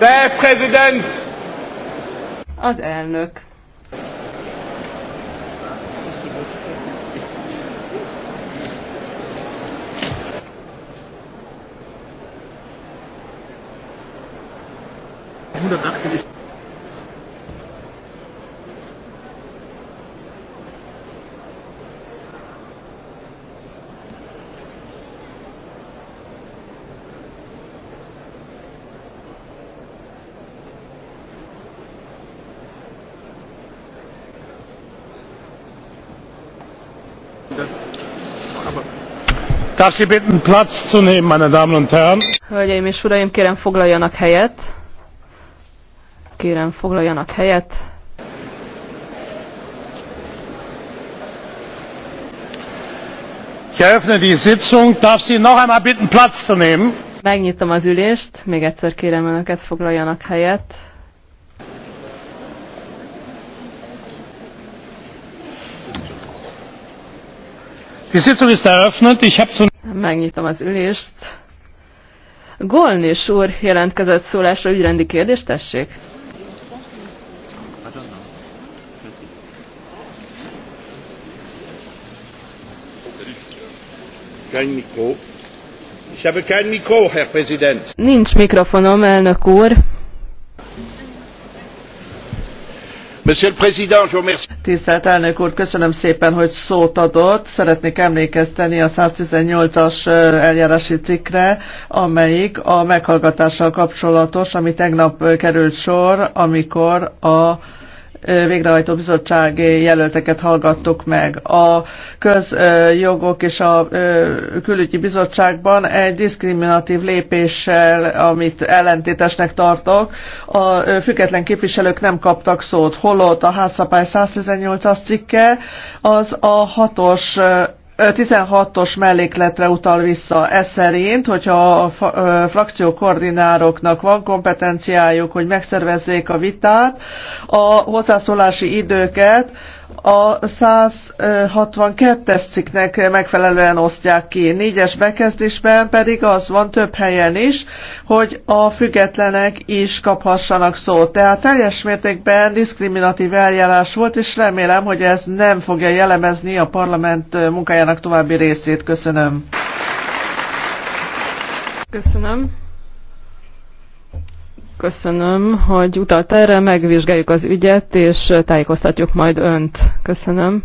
Der Präsident! Az elnök. Hundert Darf Sie bitten, Platz zu nehmen, meine Damen und Herren? Hölgyeim és uraim, kérem foglaljanak helyet. Kérem foglaljanak helyet. Ich eröffne die Sitzung. Darf Sie noch einmal bitten, Platz zu nehmen? Megnyitom az ülést. Még egyszer kérem önöket, foglaljanak helyet. Megnyitom az ülést. Golnis úr jelentkezett szólásra ügyrendi kérdést, tessék. Nincs mikrofonom, elnök úr. Tisztelt elnök úr, köszönöm szépen, hogy szót adott. Szeretnék emlékezteni a 118-as eljárási cikkre, amelyik a meghallgatással kapcsolatos, ami tegnap került sor, amikor a végrehajtó bizottság jelölteket hallgattuk meg. A közjogok és a külügyi bizottságban egy diszkriminatív lépéssel, amit ellentétesnek tartok, a független képviselők nem kaptak szót, holott a házszabály 118-as cikke az a hatos 16-os mellékletre utal vissza. Ez szerint, hogyha a frakció koordinároknak van kompetenciájuk, hogy megszervezzék a vitát, a hozzászólási időket a 162-es cikknek megfelelően osztják ki. Négyes bekezdésben pedig az van több helyen is, hogy a függetlenek is kaphassanak szót. Tehát teljes mértékben diszkriminatív eljárás volt, és remélem, hogy ez nem fogja jellemezni a parlament munkájának további részét. Köszönöm. Köszönöm. Köszönöm, hogy utalt erre, megvizsgáljuk az ügyet, és tájékoztatjuk majd önt. Köszönöm.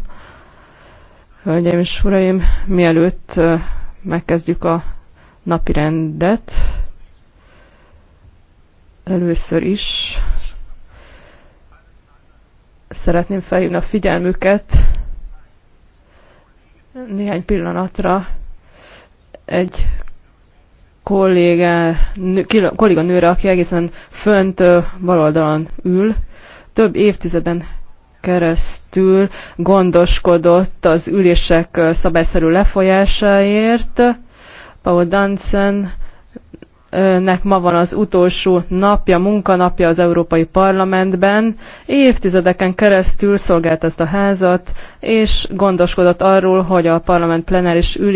Hölgyeim és uraim, mielőtt megkezdjük a napi rendet, először is szeretném felhívni a figyelmüket néhány pillanatra egy kollégá, kolléga kolléganőre, aki egészen fönt baloldalon ül, több évtizeden keresztül gondoskodott az ülések szabályszerű lefolyásáért. Paul Dansen nek ma van az utolsó napja, munkanapja az Európai Parlamentben. Évtizedeken keresztül szolgált ezt a házat, és gondoskodott arról, hogy a parlament plenáris ülés